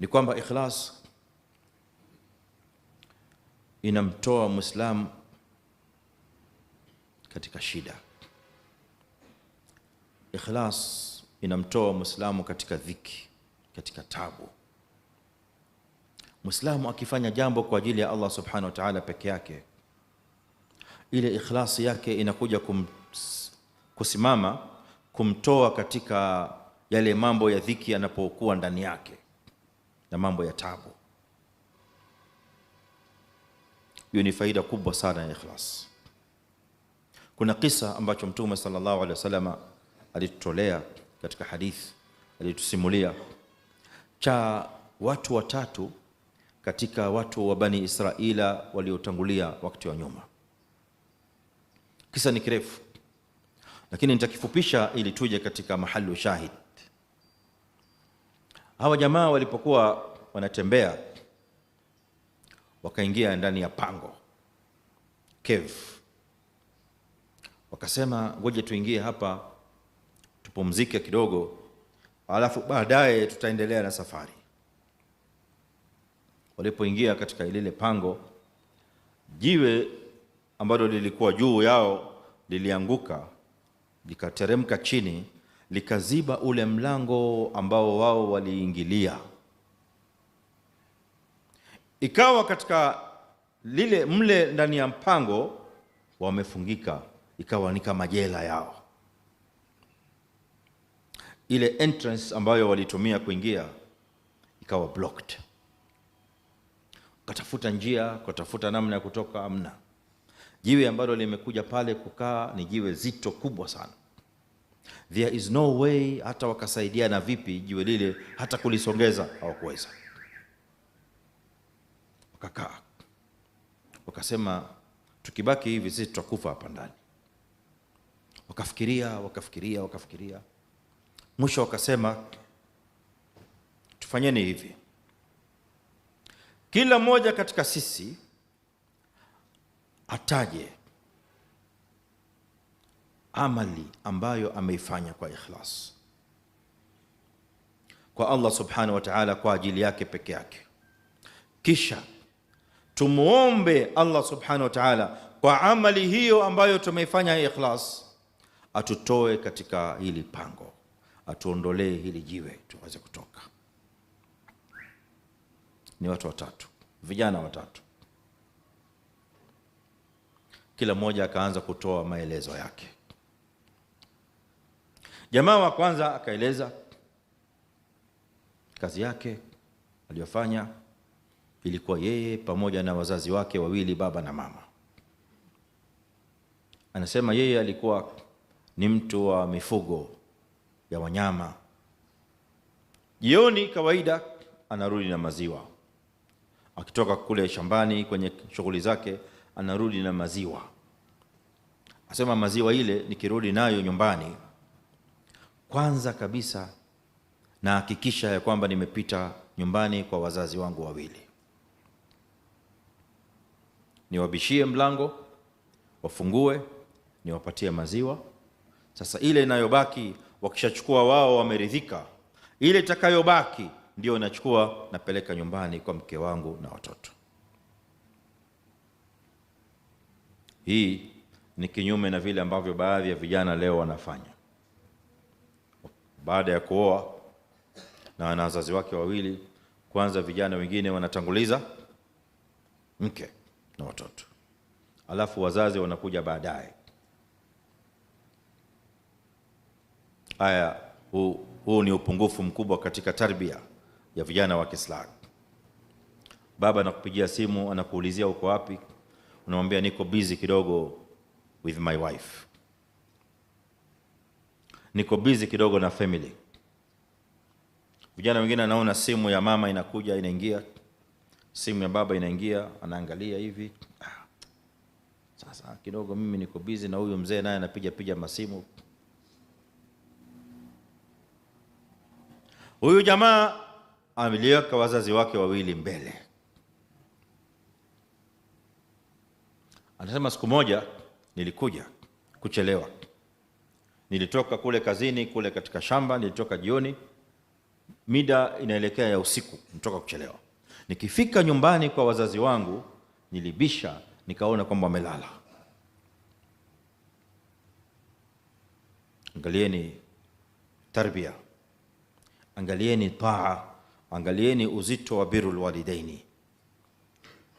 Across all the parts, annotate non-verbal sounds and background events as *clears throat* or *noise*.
ni kwamba ikhlas inamtoa Muislamu katika shida. Ikhlas inamtoa mwislamu katika dhiki, katika tabu. mwislamu akifanya jambo kwa ajili ya Allah subhanahu wa ta'ala peke yake, ile ikhlasi yake inakuja kum, kusimama kumtoa katika yale mambo ya dhiki yanapokuwa ndani yake na mambo ya tabu. Hiyo ni faida kubwa sana ya ikhlas. Kuna kisa ambacho Mtume sallallahu alaihi wasallam alitutolea katika hadithi alitusimulia, cha watu watatu katika watu wa Bani Israila waliotangulia wakati wa nyuma. Kisa ni kirefu, lakini nitakifupisha ili tuje katika mahali shahidi. Hawa jamaa walipokuwa wanatembea wakaingia ndani ya pango cave, wakasema ngoja tuingie hapa tupumzike kidogo, alafu baadaye tutaendelea na safari. Walipoingia katika lile pango, jiwe ambalo lilikuwa juu yao lilianguka likateremka chini likaziba ule mlango ambao wao waliingilia. Ikawa katika lile mle ndani ya mpango wamefungika, ikawa ni kama jela yao. Ile entrance ambayo walitumia kuingia ikawa blocked, katafuta njia, katafuta namna ya kutoka, amna. Jiwe ambalo limekuja pale kukaa ni jiwe zito kubwa sana. There is no way, hata wakasaidiana vipi, jiwe lile hata kulisongeza hawakuweza. Wakakaa wakasema, tukibaki hivi sisi tutakufa hapa ndani. Wakafikiria, wakafikiria, wakafikiria, mwisho wakasema, tufanyeni hivi, kila mmoja katika sisi ataje amali ambayo ameifanya kwa ikhlas kwa Allah subhanahu wa ta'ala, kwa ajili yake peke yake. Kisha tumuombe Allah subhanahu wa ta'ala kwa amali hiyo ambayo tumeifanya ikhlas, atutoe katika hili pango, atuondolee hili jiwe tuweze kutoka. Ni watu watatu, vijana watatu, kila mmoja akaanza kutoa maelezo yake. Jamaa wa kwanza akaeleza kazi yake aliyofanya ilikuwa yeye pamoja na wazazi wake wawili, baba na mama. Anasema yeye alikuwa ni mtu wa mifugo ya wanyama. Jioni kawaida anarudi na maziwa, akitoka kule shambani kwenye shughuli zake, anarudi na maziwa. Anasema maziwa ile nikirudi nayo nyumbani kwanza kabisa nahakikisha ya kwamba nimepita nyumbani kwa wazazi wangu wawili, niwabishie mlango wafungue, niwapatie maziwa. Sasa ile inayobaki wakishachukua wao wameridhika, ile itakayobaki ndio inachukua napeleka nyumbani kwa mke wangu na watoto. Hii ni kinyume na vile ambavyo baadhi ya vijana leo wanafanya baada ya kuoa na ana wazazi wake wawili, kwanza vijana wengine wanatanguliza mke na watoto, alafu wazazi wanakuja baadaye. Haya, huu, huu ni upungufu mkubwa katika tarbia ya vijana wa Kiislamu. Baba anakupigia simu, anakuulizia uko wapi, unamwambia niko busy kidogo with my wife niko busy kidogo na family. Vijana wengine anaona simu ya mama inakuja inaingia, simu ya baba inaingia, anaangalia hivi. Ah. Sasa kidogo mimi niko busy na huyu mzee naye anapiga piga masimu. Huyu jamaa ameliweka wazazi wake wawili mbele. Anasema siku moja nilikuja kuchelewa Nilitoka kule kazini kule katika shamba, nilitoka jioni, mida inaelekea ya usiku, nitoka kuchelewa. Nikifika nyumbani kwa wazazi wangu, nilibisha, nikaona kwamba wamelala. Angalieni tarbia, angalieni taa, angalieni uzito wa birul walidaini.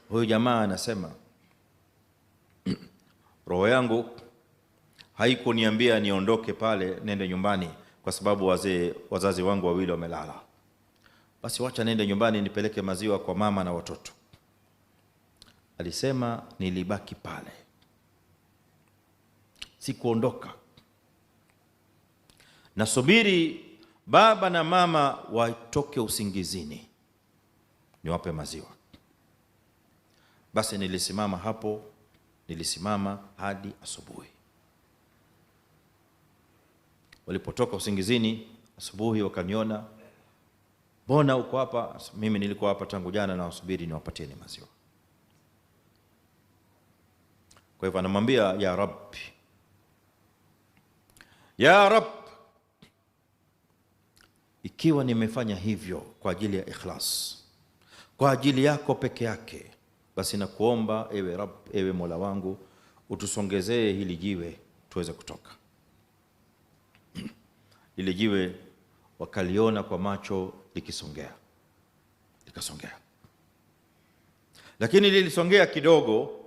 Huyu jamaa anasema *clears throat* roho yangu haikuniambia niondoke pale nende nyumbani kwa sababu wazee, wazazi wangu wawili wamelala. Basi wacha nende nyumbani nipeleke maziwa kwa mama na watoto. Alisema nilibaki pale, sikuondoka. Nasubiri baba na mama watoke usingizini niwape maziwa. Basi nilisimama hapo, nilisimama hadi asubuhi walipotoka usingizini asubuhi wakaniona, mbona uko hapa? Mimi nilikuwa hapa tangu jana, na wasubiri niwapatieni maziwa. Kwa hivyo anamwambia ya Rabbi, ya rab ikiwa nimefanya hivyo kwa ajili ya ikhlas, kwa ajili yako peke yake, basi nakuomba ewe rab ewe Mola wangu, utusongezee hili jiwe tuweze kutoka lile jiwe wakaliona kwa macho likisongea, likasongea, lakini lilisongea kidogo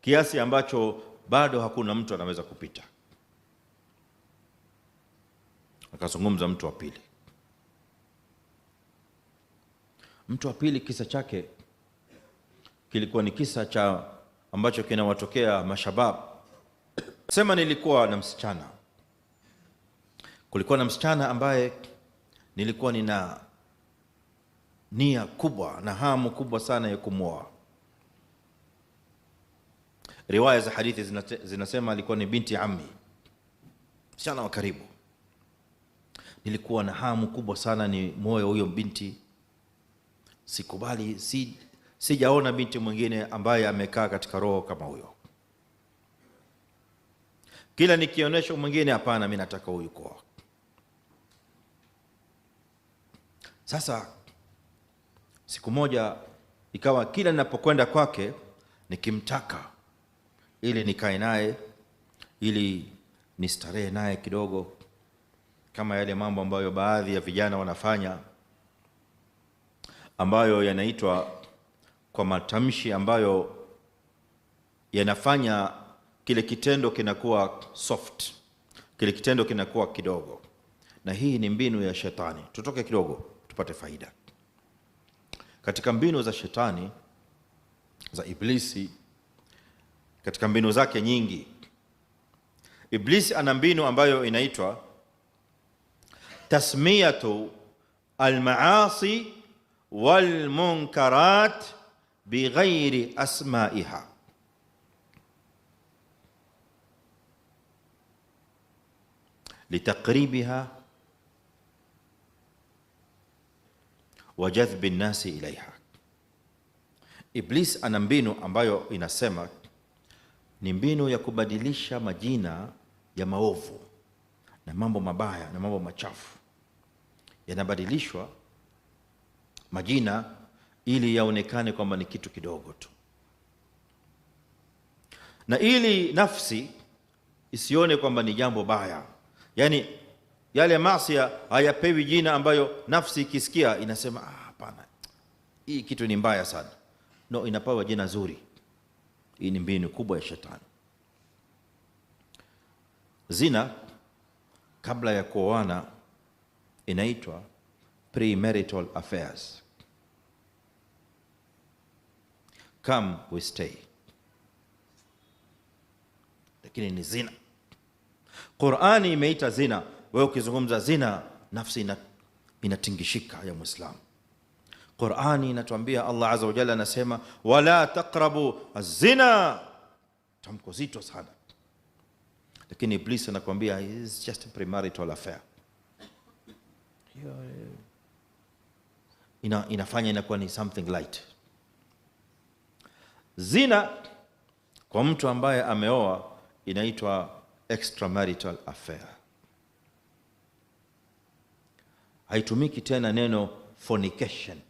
kiasi ambacho bado hakuna mtu anaweza kupita. Akazungumza mtu wa pili. Mtu wa pili, kisa chake kilikuwa ni kisa cha ambacho kinawatokea mashabab. Sema nilikuwa na msichana Kulikuwa na msichana ambaye nilikuwa nina nia kubwa na hamu kubwa sana ya kumwoa. Riwaya za hadithi zinasema alikuwa ni binti ammi, msichana wa karibu. Nilikuwa na hamu kubwa sana ni moyo huyo binti, sikubali, si sijaona binti mwingine ambaye amekaa katika roho kama huyo. Kila nikionyesha mwingine, hapana, mi nataka huyu kuoa Sasa siku moja ikawa kila ninapokwenda kwake nikimtaka ili nikae naye ili nistarehe naye kidogo, kama yale mambo ambayo baadhi ya vijana wanafanya ambayo yanaitwa kwa matamshi ambayo yanafanya kile kitendo kinakuwa soft, kile kitendo kinakuwa kidogo. Na hii ni mbinu ya shetani. Tutoke kidogo tupate faida. Katika mbinu za shetani za Iblisi, katika mbinu zake nyingi, Iblisi ana mbinu ambayo inaitwa tasmiyatu almaasi walmunkarat bighairi asmaiha litakribiha wa jadhbi nnasi ilaiha. Iblis ana mbinu ambayo inasema ni mbinu ya kubadilisha majina ya maovu na mambo mabaya na mambo machafu, yanabadilishwa majina ili yaonekane kwamba ni kitu kidogo tu, na ili nafsi isione kwamba ni jambo baya, yani yale maasi hayapewi jina ambayo nafsi ikisikia inasema ah, hapana, ah, hii kitu ni mbaya sana. No, inapewa jina zuri. Hii ni mbinu kubwa ya shetani. Zina kabla ya kuoana inaitwa premarital affairs. Come we stay, lakini ni zina. Qurani imeita zina wewe ukizungumza zina, nafsi inatingishika ya Muislamu. Qurani inatuambia, Allah azza wa jalla anasema, wala taqrabu zina, tamko zito sana, lakini Iblis anakuambia is just a premarital affair. Ina, inafanya inakuwa ni something light. Zina kwa mtu ambaye ameoa inaitwa extramarital affair. haitumiki tena neno fornication,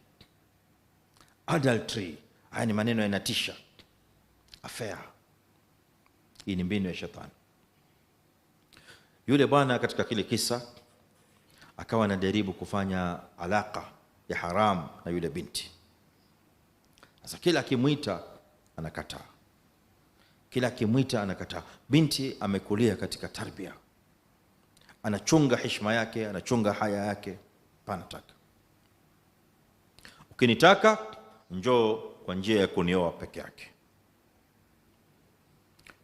adultery. Haya ni maneno yanatisha, affair. Hii ni mbinu ya shetani. Yule bwana katika kile kisa akawa anajaribu kufanya alaka ya haramu na yule binti. Sasa kila akimwita anakataa, kila akimwita anakataa. Binti amekulia katika tarbia, anachunga heshima yake, anachunga haya yake panataka. Ukinitaka njoo kwa njia ya kunioa peke yake.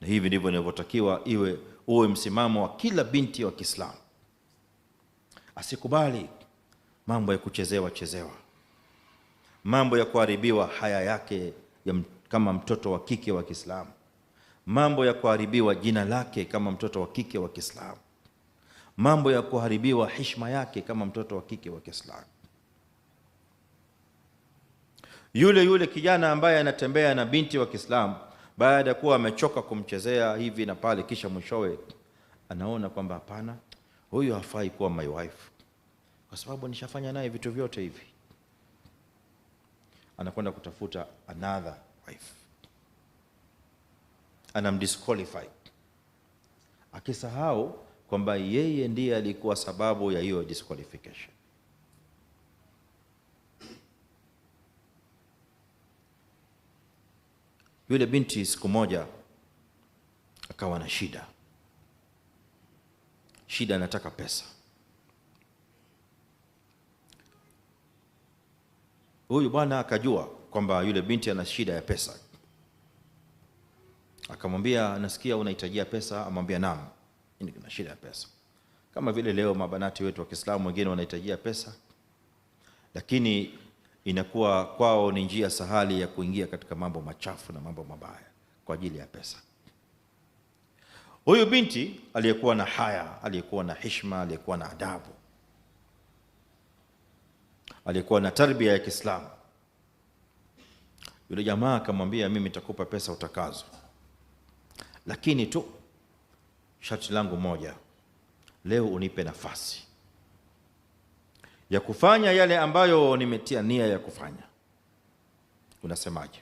Na hivi ndivyo inavyotakiwa iwe, uwe msimamo wa kila binti wa Kiislamu. Asikubali mambo ya kuchezewa chezewa, mambo ya kuharibiwa haya yake ya kama mtoto wa kike wa Kiislamu, mambo ya kuharibiwa jina lake kama mtoto wa kike wa Kiislamu mambo ya kuharibiwa heshima yake kama mtoto wa kike wa Kiislamu. Yule yule kijana ambaye anatembea na binti wa Kiislamu baada ya kuwa amechoka kumchezea hivi na pale, kisha mwishowe anaona kwamba hapana, huyu hafai kuwa my wife kwa sababu nishafanya naye vitu vyote hivi. Anakwenda kutafuta another wife, anamdisqualify akisahau kwamba yeye ndiye alikuwa sababu ya hiyo disqualification. Yule binti siku moja akawa na shida, shida anataka pesa. Huyu bwana akajua kwamba yule binti ana shida ya pesa, akamwambia nasikia unahitajia pesa, amwambia naam mimi shida ya pesa. Kama vile leo mabanati wetu wa Kiislamu wengine wanahitajia pesa, lakini inakuwa kwao ni njia sahali ya kuingia katika mambo machafu na mambo mabaya kwa ajili ya pesa. Huyu binti aliyekuwa na haya, aliyekuwa na hishma, aliyekuwa na adabu, aliyekuwa na tarbia ya Kiislamu, yule jamaa akamwambia, mimi nitakupa pesa utakazo, lakini tu sharti langu moja, leo unipe nafasi ya kufanya yale ambayo nimetia nia ya kufanya. Unasemaje?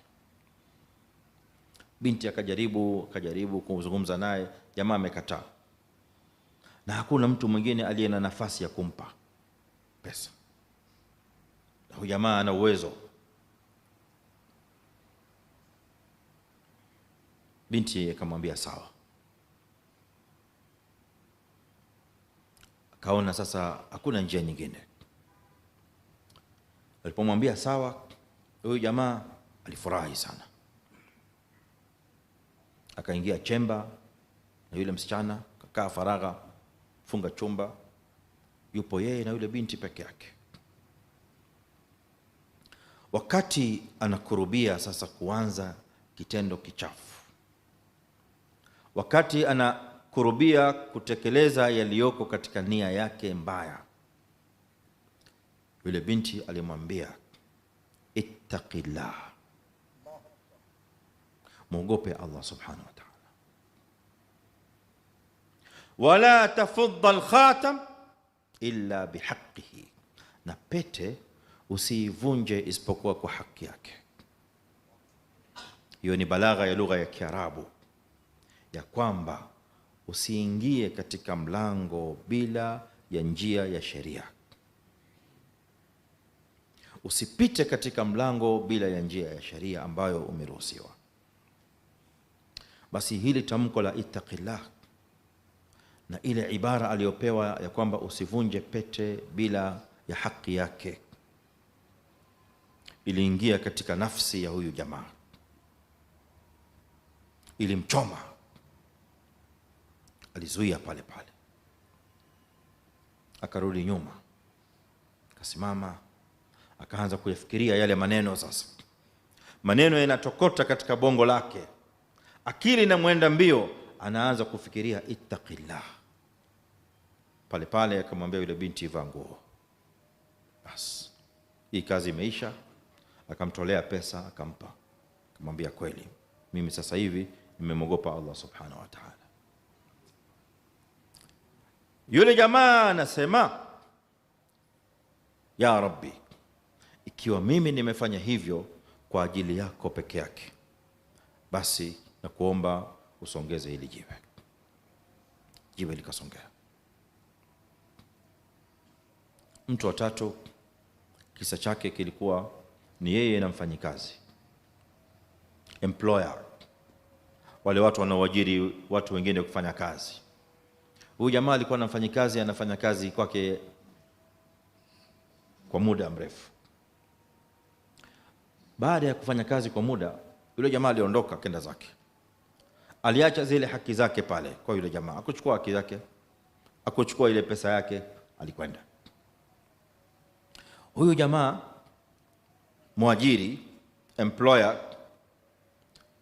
Binti akajaribu akajaribu kuzungumza naye, jamaa amekataa, na hakuna mtu mwingine aliye na nafasi ya kumpa pesa, na huyu jamaa ana uwezo. Binti akamwambia sawa Akaona sasa hakuna njia nyingine. Alipomwambia sawa, huyu jamaa alifurahi sana, akaingia chemba na yule msichana, kakaa faragha, funga chumba, yupo yeye na yule binti peke yake. Wakati anakurubia sasa kuanza kitendo kichafu, wakati ana kurubia kutekeleza yaliyoko katika nia yake mbaya. Yule binti alimwambia ittaqillah, mwogope Allah subhanahu wa ta'ala, wala tafudda alkhatam illa bihaqihi, na pete usiivunje isipokuwa kwa haki yake. Hiyo ni balagha ya lugha ya Kiarabu ya kwamba usiingie katika mlango bila ya njia ya sheria, usipite katika mlango bila ya njia ya sheria ambayo umeruhusiwa. Basi hili tamko la ittaqillah na ile ibara aliyopewa ya kwamba usivunje pete bila ya haki yake iliingia katika nafsi ya huyu jamaa, ilimchoma alizuia pale pale, akarudi nyuma, akasimama, akaanza kuyafikiria yale maneno. Sasa maneno yanatokota katika bongo lake, akili inamwenda mbio, anaanza kufikiria ittaqillah. Pale pale akamwambia yule binti, vaa nguo. bas hii kazi imeisha. Akamtolea pesa akampa, akamwambia kweli, mimi sasa hivi nimemwogopa Allah subhanahu wa ta'ala. Yule jamaa anasema ya Rabbi, ikiwa mimi nimefanya hivyo kwa ajili yako peke yake, basi nakuomba usongeze hili jiwe. Jiwe likasongea. Mtu wa tatu, kisa chake kilikuwa ni yeye na mfanyikazi, employer, wale watu wanaoajiri watu wengine kufanya kazi Huyu jamaa alikuwa anafanya kazi anafanya kazi kwake kwa muda mrefu. Baada ya kufanya kazi kwa muda, yule jamaa aliondoka kenda zake, aliacha zile haki zake pale kwa yule jamaa, akuchukua haki zake, akuchukua ile pesa yake, alikwenda. Huyu jamaa mwajiri, employer,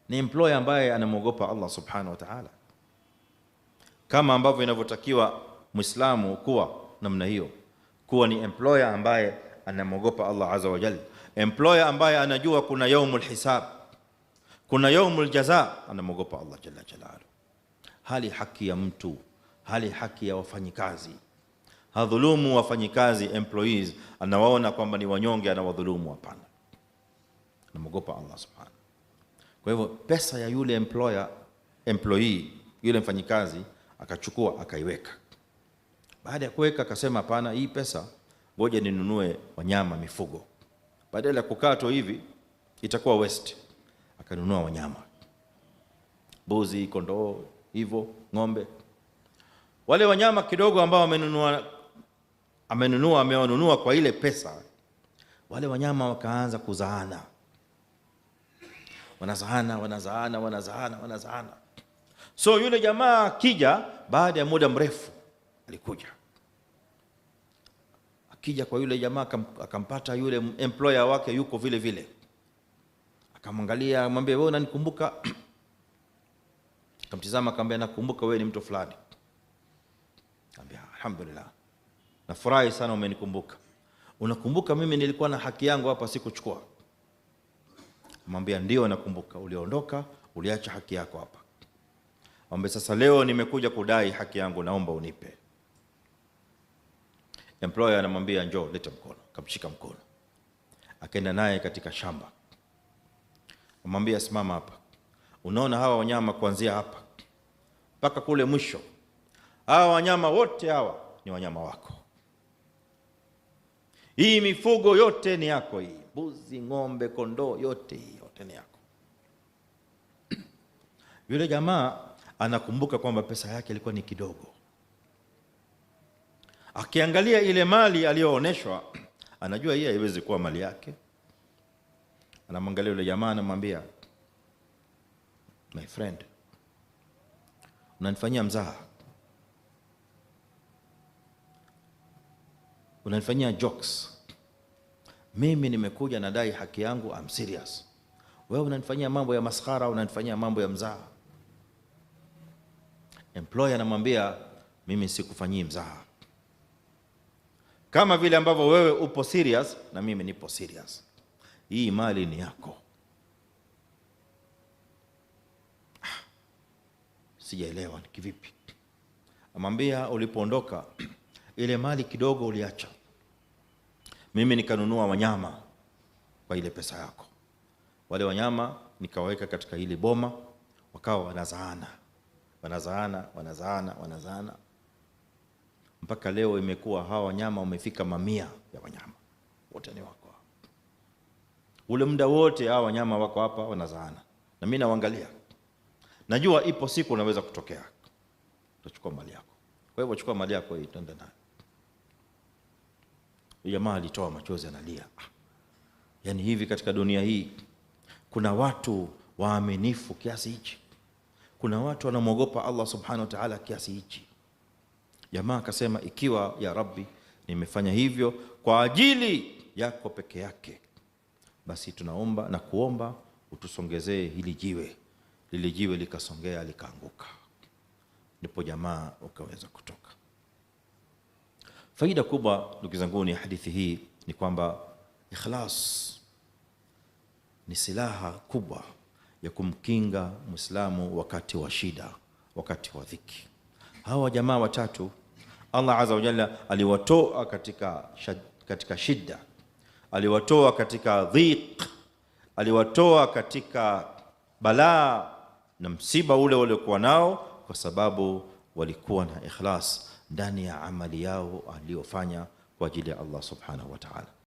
ni employer ambaye anamwogopa Allah subhanahu wa ta'ala kama ambavyo inavyotakiwa Muislamu kuwa namna hiyo, kuwa ni employer ambaye anamwogopa Allah azza wa jalla, employer ambaye anajua kuna yaumul hisab, kuna yaumul jaza, anamwogopa Allah jalla jalaluhu. Hali haki ya mtu, hali haki ya wafanyikazi, hadhulumu wafanyikazi, employees, anawaona kwamba ni wanyonge, anawadhulumu. Hapana, anamwogopa Allah subhanahu. Kwa hivyo pesa ya yule employer, employee, yule mfanyikazi akachukua akaiweka. Baada ya kuweka akasema, hapana, hii pesa ngoja ninunue wanyama, mifugo. Badala ya kukaa tu hivi itakuwa waste, akanunua wanyama, mbuzi, kondoo, hivyo ng'ombe. Wale wanyama kidogo ambao amenunua amenunua amewanunua kwa ile pesa, wale wanyama wakaanza kuzaana, wanazaana, wanazaana, wanazaana, wanazaana So yule jamaa akija, baada ya muda mrefu alikuja, akija kwa yule jamaa akampata yule employer wake yuko vile vile, akamwangalia, amwambia wewe unanikumbuka? *clears throat* Akamtizama, akamwambia nakumbuka, wewe ni mtu fulani. Akamwambia alhamdulillah, nafurahi sana umenikumbuka. Unakumbuka mimi nilikuwa na haki yangu hapa sikuchukua? Mwambia ndio nakumbuka, uliondoka uliacha haki yako hapa ambe sasa leo nimekuja kudai haki yangu, naomba unipe. Employer anamwambia njoo, leta mkono. Kamshika mkono, akaenda naye katika shamba, amwambia simama hapa, unaona hawa wanyama kuanzia hapa mpaka kule mwisho, hawa wanyama wote hawa ni wanyama wako, hii mifugo yote ni yako, hii mbuzi, ng'ombe, kondoo, yote hii yote ni yako. *clears throat* Yule jamaa anakumbuka kwamba pesa yake ilikuwa ni kidogo. Akiangalia ile mali aliyoonyeshwa, anajua hii haiwezi kuwa mali yake. Anamwangalia yule jamaa, anamwambia my friend, unanifanyia mzaha, unanifanyia jokes. Mimi nimekuja nadai haki yangu, I'm serious. Wewe unanifanyia mambo ya maskhara, unanifanyia mambo ya mzaha employer anamwambia mimi sikufanyii mzaha, kama vile ambavyo wewe upo serious na mimi nipo serious. Hii mali ni yako. Ah, sijaelewa ni kivipi? Amwambia ulipoondoka *clears throat* ile mali kidogo uliacha, mimi nikanunua wanyama kwa ile pesa yako. Wale wanyama nikawaweka katika ile boma, wakawa wanazaana wanazaana wanazaana wanazaana mpaka leo imekuwa hawa wanyama wamefika mamia ya wanyama wote ni wako ule muda wote hawa wanyama wako hapa wanazaana na mimi nawangalia najua ipo siku unaweza kutokea utachukua mali yako kwa hivyo chukua mali yako hii tuende nayo jamaa alitoa machozi analia ah. yaani hivi katika dunia hii kuna watu waaminifu kiasi hichi kuna watu wanamwogopa Allah subhanahu wa ta'ala kiasi hichi. Jamaa akasema, ikiwa ya Rabbi, nimefanya hivyo kwa ajili yako peke yake, basi tunaomba na kuomba utusongezee hili jiwe. Lile jiwe likasongea, likaanguka, ndipo jamaa ukaweza kutoka. Faida kubwa ndugu zangu, ni hadithi hii ni kwamba ikhlas ni silaha kubwa ya kumkinga Muislamu wakati wa shida, wakati wa dhiki. Hawa jamaa watatu Allah azza wa jalla aliwatoa katika, katika shida, aliwatoa katika dhiq, aliwatoa katika balaa na msiba ule waliokuwa nao, kwa sababu walikuwa na ikhlas ndani ya amali yao aliyofanya kwa ajili ya Allah subhanahu wa ta'ala.